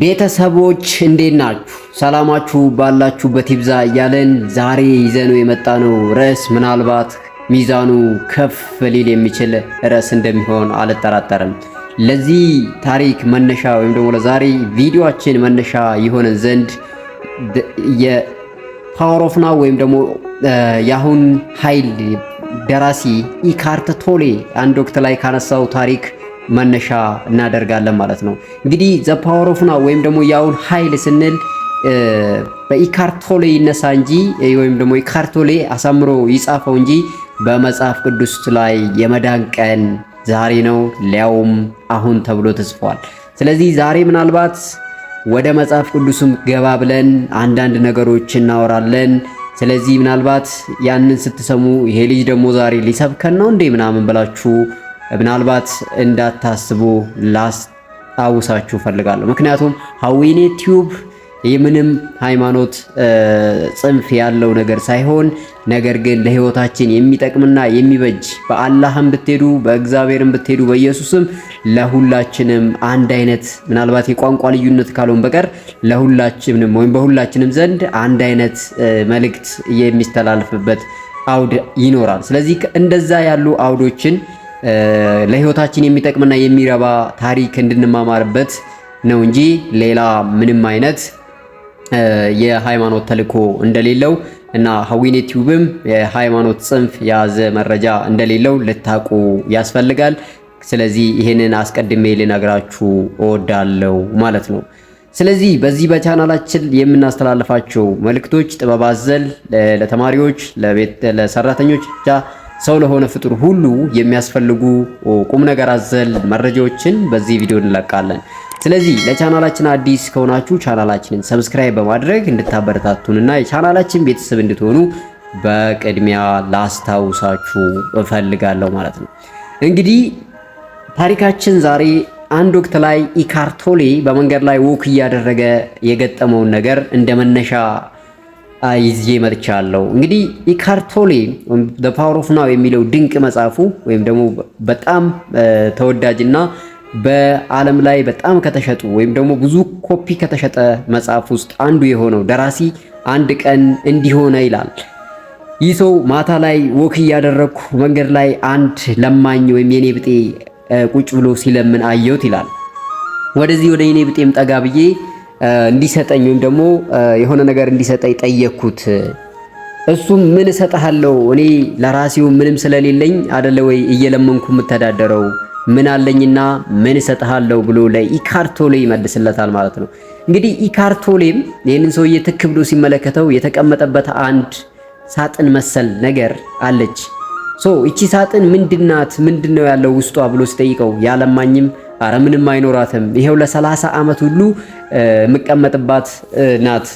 ቤተሰቦች እንዴት ናችሁ? ሰላማችሁ ባላችሁበት ይብዛ እያለን ዛሬ ይዘነው የመጣነው ርዕስ ምናልባት ሚዛኑ ከፍ ሊል የሚችል ርዕስ እንደሚሆን አልጠራጠርም። ለዚህ ታሪክ መነሻ ወይም ደግሞ ለዛሬ ቪዲዮችን መነሻ ይሆነን ዘንድ የፓወር ኦፍ ናው ወይም ደግሞ የአሁን ኃይል ደራሲ ኢካርት ቶሌ አንድ ወቅት ላይ ካነሳው ታሪክ መነሻ እናደርጋለን ማለት ነው። እንግዲህ ዘ ፓወር ኦፍ ናው ወይም ደግሞ ያውን ኃይል ስንል በኢካርት ይነሳ እንጂ ወይም ደግሞ ኢካርት አሳምሮ ይጻፈው እንጂ በመጽሐፍ ቅዱስ ላይ የመዳን ቀን ዛሬ ነው ሊያውም አሁን ተብሎ ተጽፏል። ስለዚህ ዛሬ ምናልባት ወደ መጽሐፍ ቅዱስም ገባ ብለን አንዳንድ ነገሮች እናወራለን። ስለዚህ ምናልባት ያንን ስትሰሙ ይሄ ልጅ ደግሞ ዛሬ ሊሰብከን ነው እንዴ ምናምን ብላችሁ ምናልባት እንዳታስቡ ላስታውሳችሁ ፈልጋለሁ። ምክንያቱም ሀዊኔ ቲዩብ የምንም ሃይማኖት ጽንፍ ያለው ነገር ሳይሆን ነገር ግን ለህይወታችን የሚጠቅምና የሚበጅ በአላህም ብትሄዱ በእግዚአብሔርም ብትሄዱ በኢየሱስም ለሁላችንም አንድ አይነት ምናልባት የቋንቋ ልዩነት ካልሆን በቀር ለሁላችንም ወይም በሁላችንም ዘንድ አንድ አይነት መልእክት የሚስተላልፍበት አውድ ይኖራል። ስለዚህ እንደዛ ያሉ አውዶችን ለህይወታችን የሚጠቅምና የሚረባ ታሪክ እንድንማማርበት ነው እንጂ ሌላ ምንም አይነት የሃይማኖት ተልዕኮ እንደሌለው እና ሀዊኔ ቲዩብም የሃይማኖት ጽንፍ የያዘ መረጃ እንደሌለው ልታቁ ያስፈልጋል። ስለዚህ ይህንን አስቀድሜ ልነግራችሁ እወዳለሁ ማለት ነው። ስለዚህ በዚህ በቻናላችን የምናስተላልፋቸው መልእክቶች ጥበብ አዘል ለተማሪዎች፣ ለሰራተኞች ብቻ ሰው ለሆነ ፍጡር ሁሉ የሚያስፈልጉ ቁም ነገር አዘል መረጃዎችን በዚህ ቪዲዮ እንለቃለን። ስለዚህ ለቻናላችን አዲስ ከሆናችሁ ቻናላችንን ሰብስክራይብ በማድረግ እንድታበረታቱንና የቻናላችን ቤተሰብ እንድትሆኑ በቅድሚያ ላስታውሳችሁ እፈልጋለሁ ማለት ነው። እንግዲህ ታሪካችን ዛሬ አንድ ወቅት ላይ ኢካርቶሌ በመንገድ ላይ ወክ እያደረገ የገጠመውን ነገር እንደ መነሻ ይዤ መጥቻለሁ። እንግዲህ ኢካርቶሌ ዘ ፓወር ኦፍ ናው የሚለው ድንቅ መጽሐፉ ወይም ደግሞ በጣም ተወዳጅና በዓለም ላይ በጣም ከተሸጡ ወይም ደግሞ ብዙ ኮፒ ከተሸጠ መጽሐፍ ውስጥ አንዱ የሆነው ደራሲ አንድ ቀን እንዲሆነ ይላል። ይህ ሰው ማታ ላይ ወክ እያደረግኩ መንገድ ላይ አንድ ለማኝ ወይም የኔ ብጤ ቁጭ ብሎ ሲለምን አየሁት ይላል። ወደዚህ ወደ የኔ ብጤም ጠጋ ብዬ እንዲሰጠኝ ወይም ደግሞ የሆነ ነገር እንዲሰጠኝ ጠየቅኩት። እሱም ምን እሰጥሃለሁ እኔ ለራሴው ምንም ስለሌለኝ አደለ ወይ እየለመንኩ የምተዳደረው ምን አለኝና ምን እሰጥሃለሁ ብሎ ለኢካርቶሌ ይመልስለታል ማለት ነው። እንግዲህ ኢካርቶሌም ይህንን ሰውዬ ትክ ብሎ ሲመለከተው የተቀመጠበት አንድ ሳጥን መሰል ነገር አለች። ሶ እቺ ሳጥን ምንድናት? ምንድነው ያለው ውስጧ ብሎ ሲጠይቀው ያለማኝም አረ ምንም አይኖራትም፣ ይሄው ለሰላሳ ዓመት ሁሉ የምቀመጥባት ናት፣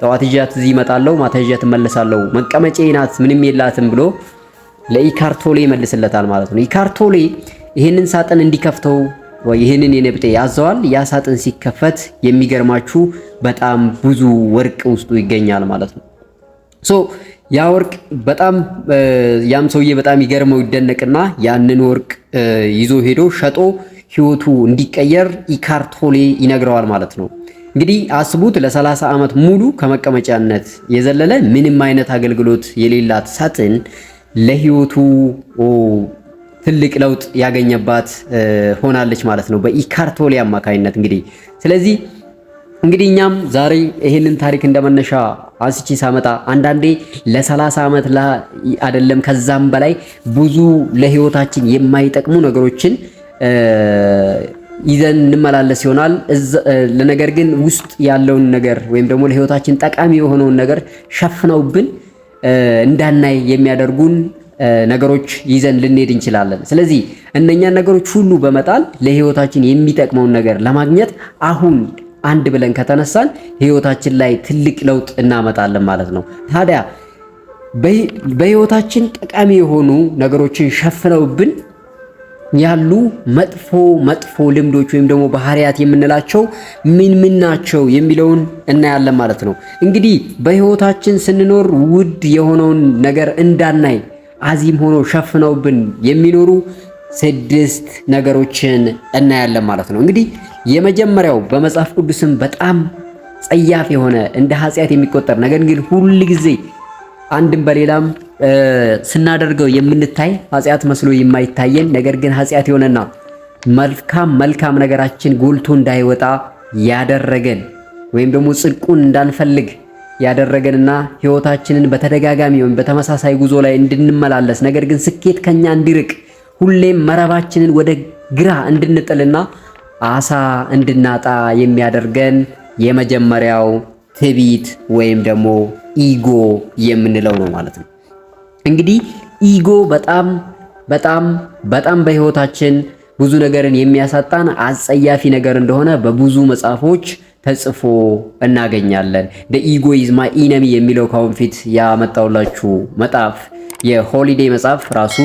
ጠዋት ይዣት እዚህ እመጣለሁ፣ ማታ ይዣት እመለሳለሁ፣ መቀመጬ ናት፣ ምንም የላትም ብሎ ለኢካርቶሌ ይመልስለታል ማለት ነው። ኢካርቶሌ ይህንን ሳጥን እንዲከፍተው ወይ ይህንን የነብጤ ያዘዋል። ያ ሳጥን ሲከፈት የሚገርማችሁ በጣም ብዙ ወርቅ ውስጡ ይገኛል ማለት ነው። ሶ ያ ወርቅ በጣም ያም ሰውዬ በጣም ይገርመው ይደነቅና ያንን ወርቅ ይዞ ሄዶ ሸጦ ህይወቱ እንዲቀየር ኢካርት ቶሌ ይነግረዋል ማለት ነው። እንግዲህ አስቡት ለ30 ዓመት ሙሉ ከመቀመጫነት የዘለለ ምንም አይነት አገልግሎት የሌላት ሳጥን ለህይወቱ ትልቅ ለውጥ ያገኘባት ሆናለች ማለት ነው በኢካር ቶሌ አማካኝነት እንግዲህ ስለዚህ እንግዲህ እኛም ዛሬ ይህንን ታሪክ እንደመነሻ አንስቼ ሳመጣ አንዳንዴ ለ30 ዓመት አይደለም ከዛም በላይ ብዙ ለህይወታችን የማይጠቅሙ ነገሮችን ይዘን እንመላለስ ይሆናል። ለነገር ግን ውስጥ ያለውን ነገር ወይም ደግሞ ለህይወታችን ጠቃሚ የሆነውን ነገር ሸፍነውብን እንዳናይ የሚያደርጉን ነገሮች ይዘን ልንሄድ እንችላለን። ስለዚህ እነኛን ነገሮች ሁሉ በመጣል ለህይወታችን የሚጠቅመውን ነገር ለማግኘት አሁን አንድ ብለን ከተነሳን ህይወታችን ላይ ትልቅ ለውጥ እናመጣለን ማለት ነው። ታዲያ በህይወታችን ጠቃሚ የሆኑ ነገሮችን ሸፍነውብን ያሉ መጥፎ መጥፎ ልምዶች ወይም ደግሞ ባህሪያት የምንላቸው ምን ምን ናቸው የሚለውን እናያለን ማለት ነው። እንግዲህ በህይወታችን ስንኖር ውድ የሆነውን ነገር እንዳናይ አዚም ሆኖ ሸፍነውብን የሚኖሩ ስድስት ነገሮችን እናያለን ማለት ነው። እንግዲህ የመጀመሪያው በመጽሐፍ ቅዱስም በጣም ጸያፍ የሆነ እንደ ኃጢአት የሚቆጠር ነገር ግን ሁል ጊዜ አንድም በሌላም ስናደርገው የምንታይ ኃጢአት መስሎ የማይታየን ነገር ግን ኃጢአት የሆነና መልካም መልካም ነገራችን ጎልቶ እንዳይወጣ ያደረገን ወይም ደግሞ ጽድቁን እንዳንፈልግ ያደረገንና ህይወታችንን በተደጋጋሚ ወይም በተመሳሳይ ጉዞ ላይ እንድንመላለስ ነገር ግን ስኬት ከኛ እንዲርቅ ሁሌም መረባችንን ወደ ግራ እንድንጥልና አሳ እንድናጣ የሚያደርገን የመጀመሪያው ትዕቢት ወይም ደግሞ ኢጎ የምንለው ነው ማለት ነው። እንግዲህ ኢጎ በጣም በጣም በጣም በህይወታችን ብዙ ነገርን የሚያሳጣን አጸያፊ ነገር እንደሆነ በብዙ መጽሐፎች ተጽፎ እናገኛለን። ደ ኢጎ ኢዝ ማይ ኢነሚ የሚለው ካሁን ፊት ያመጣውላችሁ መጽሐፍ የሆሊዴ መጽሐፍ ራሱ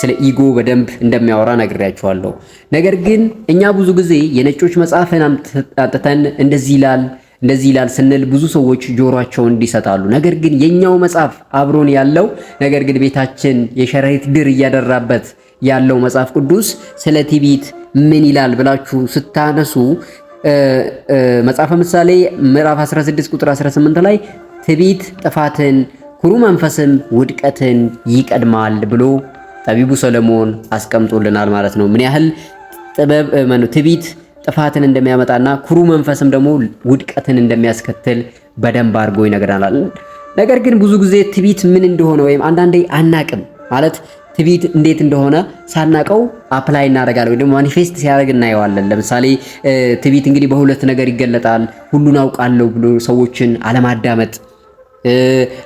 ስለ ኢጎ በደንብ እንደሚያወራ ነግሬያችኋለሁ። ነገር ግን እኛ ብዙ ጊዜ የነጮች መጽሐፍን አምጥተን እንደዚህ ይላል እንደዚህ ይላል ስንል ብዙ ሰዎች ጆሯቸውን እንዲሰጣሉ። ነገር ግን የኛው መጽሐፍ አብሮን ያለው ነገር ግን ቤታችን የሸረሪት ድር እያደራበት ያለው መጽሐፍ ቅዱስ ስለ ትዕቢት ምን ይላል ብላችሁ ስታነሱ መጽሐፈ ምሳሌ ምዕራፍ 16 ቁጥር 18 ላይ ትዕቢት ጥፋትን፣ ኩሩ መንፈስም ውድቀትን ይቀድማል ብሎ ጠቢቡ ሰለሞን አስቀምጦልናል ማለት ነው። ምን ያህል ጥበብ ትዕቢት ጥፋትን እንደሚያመጣና ኩሩ መንፈስም ደግሞ ውድቀትን እንደሚያስከትል በደንብ አድርጎ ይነግረናል። ነገር ግን ብዙ ጊዜ ትቢት ምን እንደሆነ ወይም አንዳንዴ አናቅም ማለት ትቢት እንዴት እንደሆነ ሳናቀው አፕላይ እናደርጋለን ወይ ደግሞ ማኒፌስት ሲያደርግ እናየዋለን። ለምሳሌ ትቢት እንግዲህ በሁለት ነገር ይገለጣል። ሁሉን አውቃለሁ ብሎ ሰዎችን አለማዳመጥ፣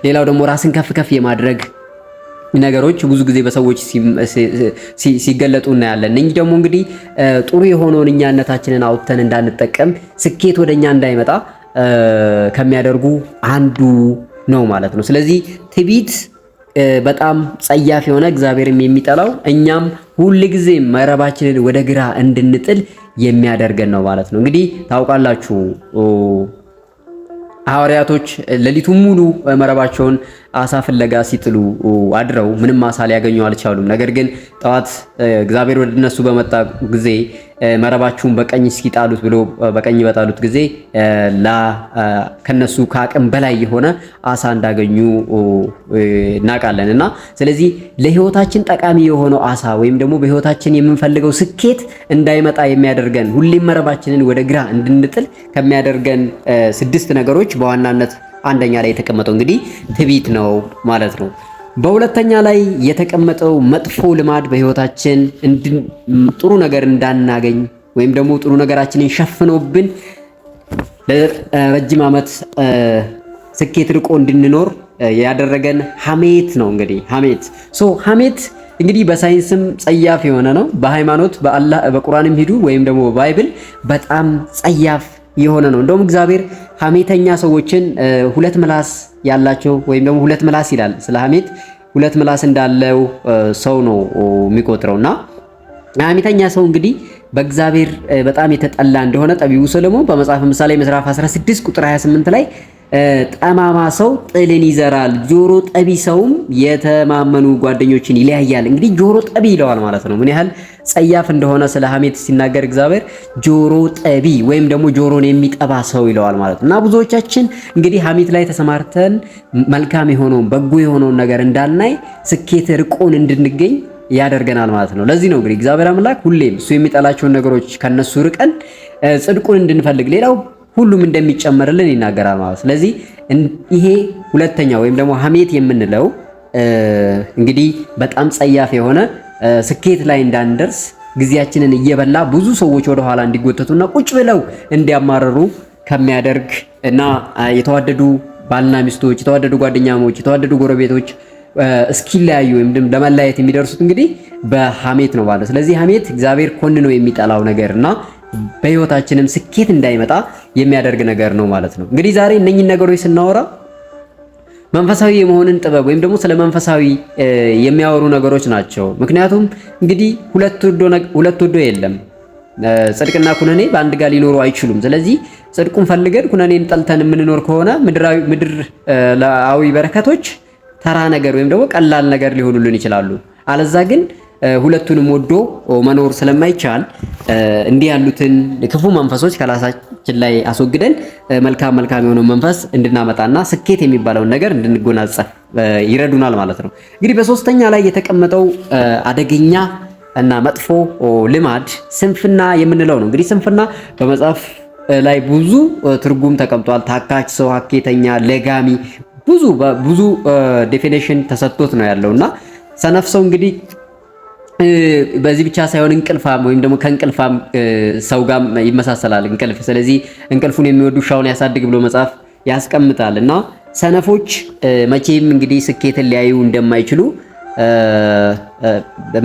ሌላው ደግሞ ራስን ከፍ ከፍ የማድረግ ነገሮች ብዙ ጊዜ በሰዎች ሲገለጡ እናያለን። እኚህ ደግሞ እንግዲህ ጥሩ የሆነውን እኛነታችንን አውጥተን እንዳንጠቀም ስኬት ወደ እኛ እንዳይመጣ ከሚያደርጉ አንዱ ነው ማለት ነው። ስለዚህ ትቢት በጣም ጸያፍ የሆነ እግዚአብሔርም የሚጠላው እኛም ሁል ጊዜ መረባችንን ወደ ግራ እንድንጥል የሚያደርገን ነው ማለት ነው። እንግዲህ ታውቃላችሁ ሐዋርያቶች ሌሊቱ ሙሉ መረባቸውን አሳ ፍለጋ ሲጥሉ አድረው ምንም አሳ ሊያገኙ አልቻሉም። ነገር ግን ጠዋት እግዚአብሔር ወደ እነሱ በመጣ ጊዜ መረባችሁን በቀኝ እስኪጣሉት ብሎ በቀኝ በጣሉት ጊዜ ከነሱ ከአቅም በላይ የሆነ አሳ እንዳገኙ እናውቃለን። እና ስለዚህ ለህይወታችን ጠቃሚ የሆነው አሳ ወይም ደግሞ በህይወታችን የምንፈልገው ስኬት እንዳይመጣ የሚያደርገን ሁሌም መረባችንን ወደ ግራ እንድንጥል ከሚያደርገን ስድስት ነገሮች በዋናነት አንደኛ ላይ የተቀመጠው እንግዲህ ትዕቢት ነው ማለት ነው። በሁለተኛ ላይ የተቀመጠው መጥፎ ልማድ በህይወታችን ጥሩ ነገር እንዳናገኝ ወይም ደግሞ ጥሩ ነገራችንን ሸፍኖብን ለረጅም ዓመት ስኬት ርቆ እንድንኖር ያደረገን ሀሜት ነው። እንግዲህ ሀሜት ሶ ሀሜት እንግዲህ በሳይንስም ጸያፍ የሆነ ነው። በሃይማኖት በአላህ በቁርአንም ሂዱ ወይም ደግሞ ባይብል በጣም ጸያፍ የሆነ ነው። እንደውም እግዚአብሔር ሐሜተኛ ሰዎችን ሁለት ምላስ ያላቸው ወይም ደግሞ ሁለት ምላስ ይላል። ስለ ሐሜት ሁለት ምላስ እንዳለው ሰው ነው የሚቆጥረውና ሐሜተኛ ሰው እንግዲህ በእግዚአብሔር በጣም የተጠላ እንደሆነ ጠቢቡ ሰለሞን በመጽሐፍ ምሳሌ ምዕራፍ 16 ቁጥር 28 ላይ ጠማማ ሰው ጥልን ይዘራል፣ ጆሮ ጠቢ ሰውም የተማመኑ ጓደኞችን ይለያያል። እንግዲህ ጆሮ ጠቢ ይለዋል ማለት ነው። ምን ያህል ጸያፍ እንደሆነ ስለ ሐሜት ሲናገር እግዚአብሔር ጆሮ ጠቢ ወይም ደግሞ ጆሮን የሚጠባ ሰው ይለዋል ማለት ነው። እና ብዙዎቻችን እንግዲህ ሐሜት ላይ ተሰማርተን መልካም የሆነውን በጎ የሆነውን ነገር እንዳናይ ስኬት ርቆን እንድንገኝ ያደርገናል ማለት ነው። ለዚህ ነው እንግዲህ እግዚአብሔር አምላክ ሁሌም እሱ የሚጠላቸውን ነገሮች ከነሱ ርቀን ጽድቁን እንድንፈልግ ሌላው ሁሉም እንደሚጨመርልን ይናገራል ማለት ስለዚህ ይሄ ሁለተኛ ወይም ደግሞ ሀሜት የምንለው እንግዲህ በጣም ጸያፍ የሆነ ስኬት ላይ እንዳንደርስ ጊዜያችንን እየበላ ብዙ ሰዎች ወደኋላ እንዲጎተቱና ቁጭ ብለው እንዲያማረሩ ከሚያደርግ እና የተዋደዱ ባልና ሚስቶች፣ የተዋደዱ ጓደኛሞች፣ የተዋደዱ ጎረቤቶች እስኪለያዩ ወይም ደግሞ ለመለያየት የሚደርሱት እንግዲህ በሀሜት ነው ማለት። ስለዚህ ሀሜት እግዚአብሔር ኮንነው የሚጠላው ነገር እና በህይወታችንም ስኬት እንዳይመጣ የሚያደርግ ነገር ነው ማለት ነው። እንግዲህ ዛሬ እነኝን ነገሮች ስናወራ መንፈሳዊ የመሆንን ጥበብ ወይም ደግሞ ስለ መንፈሳዊ የሚያወሩ ነገሮች ናቸው። ምክንያቱም እንግዲህ ሁለት ወዶ የለም። ጽድቅና ኩነኔ በአንድ ጋር ሊኖሩ አይችሉም። ስለዚህ ጽድቁን ፈልገን ኩነኔን ጠልተን የምንኖር ከሆነ ምድር ለአዊ በረከቶች ተራ ነገር ወይም ደግሞ ቀላል ነገር ሊሆኑልን ይችላሉ። አለዛ ግን ሁለቱንም ወዶ መኖር ስለማይቻል እንዲህ ያሉትን ክፉ መንፈሶች ከራሳችን ላይ አስወግደን መልካም መልካም የሆነው መንፈስ እንድናመጣና ስኬት የሚባለውን ነገር እንድንጎናጸፍ ይረዱናል ማለት ነው። እንግዲህ በሶስተኛ ላይ የተቀመጠው አደገኛ እና መጥፎ ልማድ ስንፍና የምንለው ነው። እንግዲህ ስንፍና በመጽሐፍ ላይ ብዙ ትርጉም ተቀምጧል። ታካች ሰው፣ ሀኬተኛ፣ ለጋሚ ብዙ ብዙ ዴፊኔሽን ተሰጥቶት ነው ያለውና ሰነፍ ሰው እንግዲህ በዚህ ብቻ ሳይሆን እንቅልፋም ወይም ደግሞ ከእንቅልፋም ሰው ጋር ይመሳሰላል እንቅልፍ። ስለዚህ እንቅልፉን የሚወድ ውሻውን ያሳድግ ብሎ መጽሐፍ ያስቀምጣል እና ሰነፎች መቼም እንግዲህ ስኬትን ሊያዩ እንደማይችሉ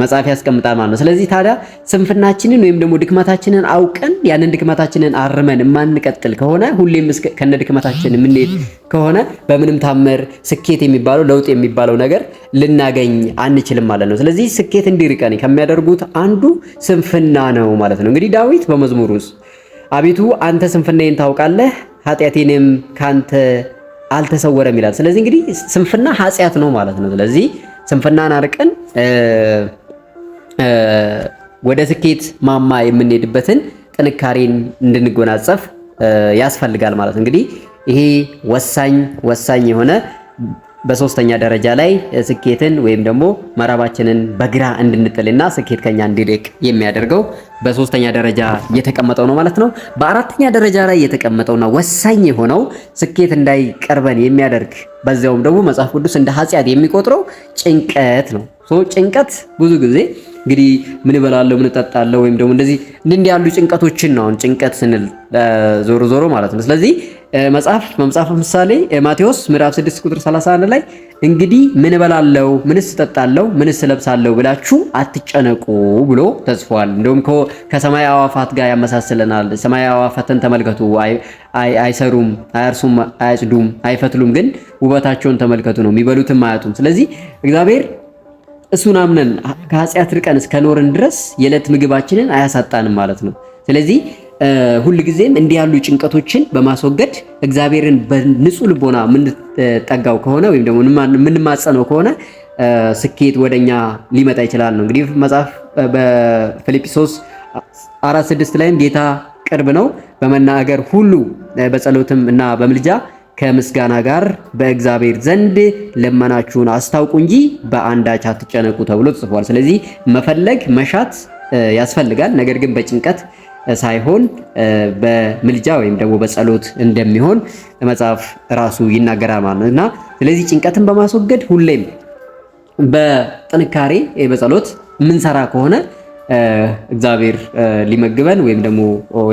መጽሐፍ ያስቀምጣል ማለት ነው። ስለዚህ ታዲያ ስንፍናችንን ወይም ደግሞ ድክመታችንን አውቀን ያንን ድክመታችንን አርመን የማንቀጥል ከሆነ ሁሌም ከነ ድክመታችን የምንሄድ ከሆነ በምንም ታምር ስኬት የሚባለው ለውጥ የሚባለው ነገር ልናገኝ አንችልም ማለት ነው። ስለዚህ ስኬት እንዲርቀን ከሚያደርጉት አንዱ ስንፍና ነው ማለት ነው። እንግዲህ ዳዊት በመዝሙር ውስጥ አቤቱ አንተ ስንፍናዬን ታውቃለህ፣ ኃጢአቴንም ካንተ አልተሰወረም ይላል። ስለዚህ እንግዲህ ስንፍና ኃጢአት ነው ማለት ነው። ስለዚህ ስንፍናን አርቀን ወደ ስኬት ማማ የምንሄድበትን ጥንካሬን እንድንጎናጸፍ ያስፈልጋል ማለት ነው። እንግዲህ ይሄ ወሳኝ ወሳኝ የሆነ በሶስተኛ ደረጃ ላይ ስኬትን ወይም ደግሞ መረባችንን በግራ እንድንጥልና ስኬት ከኛ እንዲርቅ የሚያደርገው በሶስተኛ ደረጃ የተቀመጠው ነው ማለት ነው። በአራተኛ ደረጃ ላይ የተቀመጠውና ወሳኝ የሆነው ስኬት እንዳይቀርበን የሚያደርግ በዚያውም ደግሞ መጽሐፍ ቅዱስ እንደ ኃጢአት የሚቆጥረው ጭንቀት ነው። ጭንቀት ብዙ ጊዜ እንግዲህ ምን እበላለሁ፣ ምን እጠጣለሁ ወይም ደግሞ እንደዚህ እንዲህ ያሉ ጭንቀቶችን ነው አሁን ጭንቀት ስንል ዞሮ ዞሮ ማለት ነው። ስለዚህ መጽሐፍ መጽሐፍ ምሳሌ ማቴዎስ ምዕራፍ 6 ቁጥር 31 ላይ እንግዲህ ምን እበላለሁ፣ ምንስ እጠጣለሁ፣ ምንስ እለብሳለሁ ብላችሁ አትጨነቁ ብሎ ተጽፏል። እንደውም ከሰማይ አዋፋት ጋር ያመሳስለናል። ሰማይ አዋፋትን ተመልከቱ፣ አይሰሩም፣ አያርሱም፣ አያጭዱም፣ አይፈትሉም፣ ግን ውበታቸውን ተመልከቱ ነው የሚበሉትም አያጡም። ስለዚህ እግዚአብሔር እሱን አምነን ከኃጢአት ርቀን እስከኖርን ድረስ የዕለት ምግባችንን አያሳጣንም ማለት ነው። ስለዚህ ጊዜም እንዲህ ያሉ ጭንቀቶችን በማስወገድ እግዚአብሔርን በንጹህ ልቦና የምንጠጋው ከሆነ ወይም ደግሞ የምንማጸነው ከሆነ ስኬት ወደኛ ሊመጣ ይችላል ነው። እንግዲህ መጽሐፍ በፊልጵሶስ አራት ስድስት ላይም ጌታ ቅርብ ነው፣ በመናገር ሁሉ በጸሎትም እና በምልጃ ከምስጋና ጋር በእግዚአብሔር ዘንድ ለመናችሁን አስታውቁ እንጂ በአንዳች አትጨነቁ ተብሎ ተጽፏል። ስለዚህ መፈለግ መሻት ያስፈልጋል። ነገር ግን በጭንቀት ሳይሆን በምልጃ ወይም ደግሞ በጸሎት እንደሚሆን መጽሐፍ ራሱ ይናገራል ማለት ነው እና ስለዚህ ጭንቀትን በማስወገድ ሁሌም በጥንካሬ በጸሎት የምንሰራ ከሆነ እግዚአብሔር ሊመግበን ወይም ደግሞ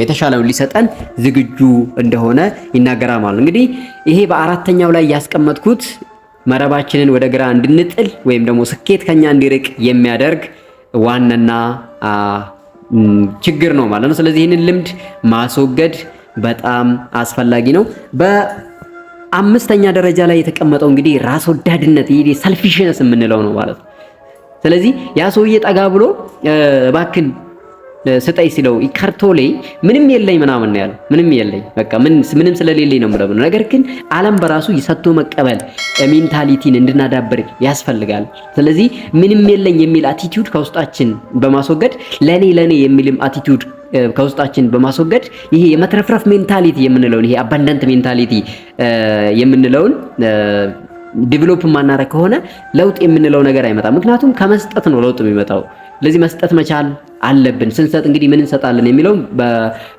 የተሻለውን ሊሰጠን ዝግጁ እንደሆነ ይናገራል ማለት እንግዲህ ይሄ በአራተኛው ላይ ያስቀመጥኩት መረባችንን ወደ ግራ እንድንጥል ወይም ደግሞ ስኬት ከኛ እንዲርቅ የሚያደርግ ዋናና ችግር ነው ማለት ነው። ስለዚህ ይህንን ልምድ ማስወገድ በጣም አስፈላጊ ነው። በአምስተኛ ደረጃ ላይ የተቀመጠው እንግዲህ ራስ ወዳድነት ይሄ ሰልፊሽነስ የምንለው ነው ማለት ነው። ስለዚህ ያ ሰውዬ ጠጋ ብሎ እባክን ስጠይ ሲለው ከርቶ ላይ ምንም የለኝ ምናምን ያለ ምንም የለኝ በቃ ምንም ስለሌለኝ ነው ምለው። ነገር ግን ዓለም በራሱ የሰጥቶ መቀበል ሜንታሊቲን እንድናዳብር ያስፈልጋል። ስለዚህ ምንም የለኝ የሚል አቲቲዩድ ከውስጣችን በማስወገድ ለኔ ለኔ የሚልም አቲቲዩድ ከውስጣችን በማስወገድ ይሄ የመትረፍረፍ ሜንታሊቲ የምንለውን ይሄ አባንዳንት ሜንታሊቲ የምንለውን ዲቨሎፕ ማናረግ ከሆነ ለውጥ የምንለው ነገር አይመጣም። ምክንያቱም ከመስጠት ነው ለውጥ የሚመጣው። ለዚህ መስጠት መቻል አለብን። ስንሰጥ እንግዲህ ምን እንሰጣለን የሚለው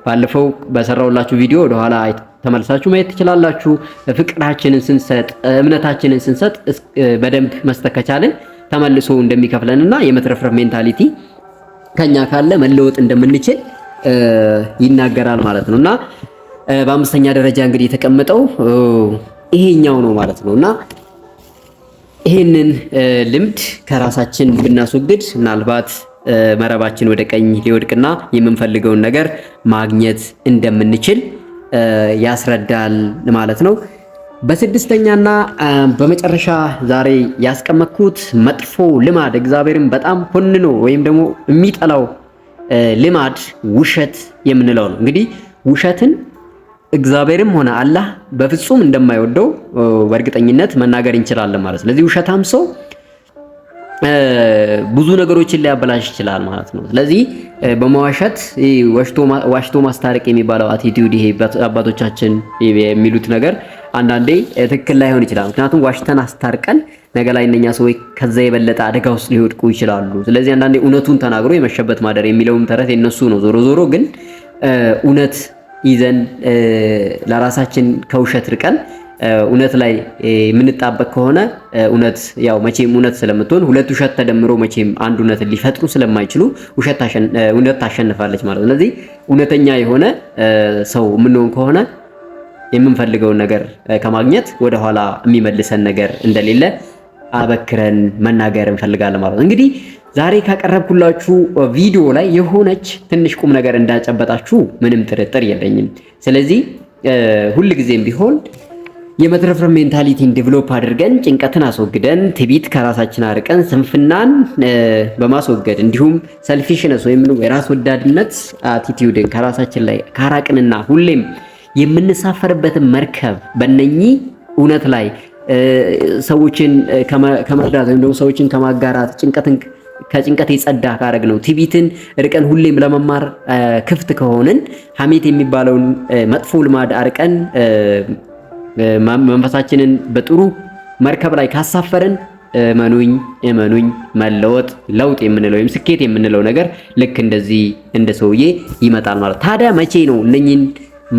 ባለፈው በሰራውላችሁ ቪዲዮ ወደኋላ ተመልሳችሁ ማየት ትችላላችሁ። ፍቅራችንን ስንሰጥ፣ እምነታችንን ስንሰጥ በደንብ መስጠት ከቻልን ተመልሶ እንደሚከፍለንና የመትረፍረፍ ሜንታሊቲ ከኛ ካለ መለወጥ እንደምንችል ይናገራል ማለት ነው እና በአምስተኛ ደረጃ እንግዲህ የተቀመጠው ይሄኛው ነው ማለት ነው እና ይህንን ልምድ ከራሳችን ብናስወግድ ምናልባት መረባችን ወደ ቀኝ ሊወድቅና የምንፈልገውን ነገር ማግኘት እንደምንችል ያስረዳል ማለት ነው። በስድስተኛና በመጨረሻ ዛሬ ያስቀመጥኩት መጥፎ ልማድ እግዚአብሔርን በጣም ሆንኖ ወይም ደግሞ የሚጠላው ልማድ ውሸት የምንለው ነው። እንግዲህ ውሸትን እግዚአብሔርም ሆነ አላህ በፍጹም እንደማይወደው በእርግጠኝነት መናገር እንችላለን ማለት ነው። ስለዚህ ውሸታም ሰው ብዙ ነገሮችን ሊያበላሽ ይችላል ማለት ነው። ስለዚህ በመዋሸት ዋሽቶ ማስታረቅ የሚባለው አቲቲዩድ ይሄ አባቶቻችን የሚሉት ነገር አንዳንዴ ትክክል ላይሆን ይችላል። ምክንያቱም ዋሽተን አስታርቀን ነገ ላይ እነኛ ሰዎች ከዛ የበለጠ አደጋ ውስጥ ሊወድቁ ይችላሉ። ስለዚህ አንዳንዴ እውነቱን ተናግሮ የመሸበት ማደር የሚለውም ተረት የነሱ ነው። ዞሮ ዞሮ ግን እውነት ይዘን ለራሳችን ከውሸት ርቀን እውነት ላይ የምንጣበቅ ከሆነ እውነት ያው መቼም እውነት ስለምትሆን ሁለት ውሸት ተደምሮ መቼም አንድ እውነት ሊፈጥሩ ስለማይችሉ እውነት ታሸንፋለች ማለት ነው። ስለዚህ እውነተኛ የሆነ ሰው የምንሆን ከሆነ የምንፈልገውን ነገር ከማግኘት ወደኋላ የሚመልሰን ነገር እንደሌለ አበክረን መናገር እንፈልጋለን ማለት ነው እንግዲህ ዛሬ ካቀረብኩላችሁ ቪዲዮ ላይ የሆነች ትንሽ ቁም ነገር እንዳጨበጣችሁ ምንም ጥርጥር የለኝም። ስለዚህ ጊዜም ቢሆን የመትረፍረፍ ሜንታሊቲን ዴቨሎፕ አድርገን ጭንቀትን አስወግደን ትቢት ከራሳችን አርቀን ስንፍናን በማስወገድ እንዲሁም ሰልፊሽነስ ወይም የራስ ወዳድነት አቲቲዩድን ከራሳችን ላይ ካራቅንና ሁሌም የምንሳፈርበትን መርከብ በእነኚህ እውነት ላይ ሰዎችን ከመርዳት ወይም ደግሞ ሰዎችን ከማጋራት ጭንቀትን ከጭንቀት የጸዳ ካረግ ነው። ትዕቢትን ርቀን ሁሌም ለመማር ክፍት ከሆንን ሐሜት የሚባለውን መጥፎ ልማድ አርቀን መንፈሳችንን በጥሩ መርከብ ላይ ካሳፈርን እመኑኝ እመኑኝ መለወጥ ለውጥ የምንለው ወይም ስኬት የምንለው ነገር ልክ እንደዚህ እንደ ሰውዬ ይመጣል ማለት። ታዲያ መቼ ነው እነኝን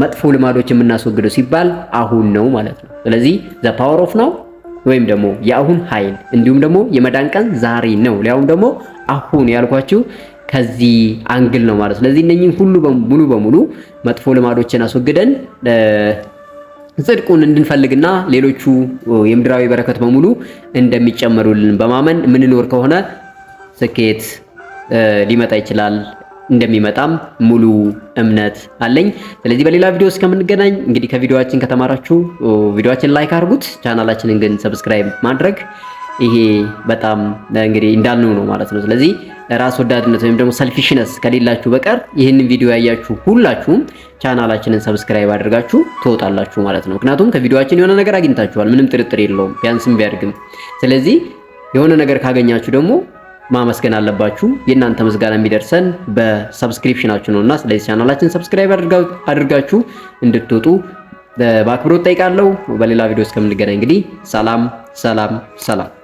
መጥፎ ልማዶች የምናስወግደው ሲባል አሁን ነው ማለት ነው። ስለዚህ ዘ ፓወር ኦፍ ነው። ወይም ደግሞ የአሁን ኃይል እንዲሁም ደግሞ የመዳን ቀን ዛሬ ነው። ሊያውም ደግሞ አሁን ያልኳችሁ ከዚህ አንግል ነው ማለት ስለዚህ እነኚህ ሁሉ ሙሉ በሙሉ መጥፎ ልማዶችን አስወግደን ጽድቁን እንድንፈልግና ሌሎቹ የምድራዊ በረከት በሙሉ እንደሚጨመሩልን በማመን ምንኖር ከሆነ ስኬት ሊመጣ ይችላል እንደሚመጣም ሙሉ እምነት አለኝ። ስለዚህ በሌላ ቪዲዮ እስከምንገናኝ እንግዲህ ከቪዲዮችን ከተማራችሁ ቪዲዮችን ላይክ አድርጉት፣ ቻናላችንን ግን ሰብስክራይብ ማድረግ ይሄ በጣም እንግዲህ እንዳልነው ነው ማለት ነው። ስለዚህ ራስ ወዳድነት ወይም ደግሞ ሰልፊሽነስ ከሌላችሁ በቀር ይህንን ቪዲዮ ያያችሁ ሁላችሁም ቻናላችንን ሰብስክራይብ አድርጋችሁ ትወጣላችሁ ማለት ነው። ምክንያቱም ከቪዲዮችን የሆነ ነገር አግኝታችኋል፣ ምንም ጥርጥር የለውም ቢያንስም ቢያድግም። ስለዚህ የሆነ ነገር ካገኛችሁ ደግሞ ማመስገን አለባችሁ። የእናንተ ምስጋና የሚደርሰን በሰብስክሪፕሽናችሁ ነውና፣ ስለዚህ ቻናላችን ሰብስክራይብ አድርጋችሁ እንድትወጡ በአክብሮት ጠይቃለሁ። በሌላ ቪዲዮ እስከምንገናኝ እንግዲህ ሰላም ሰላም ሰላም።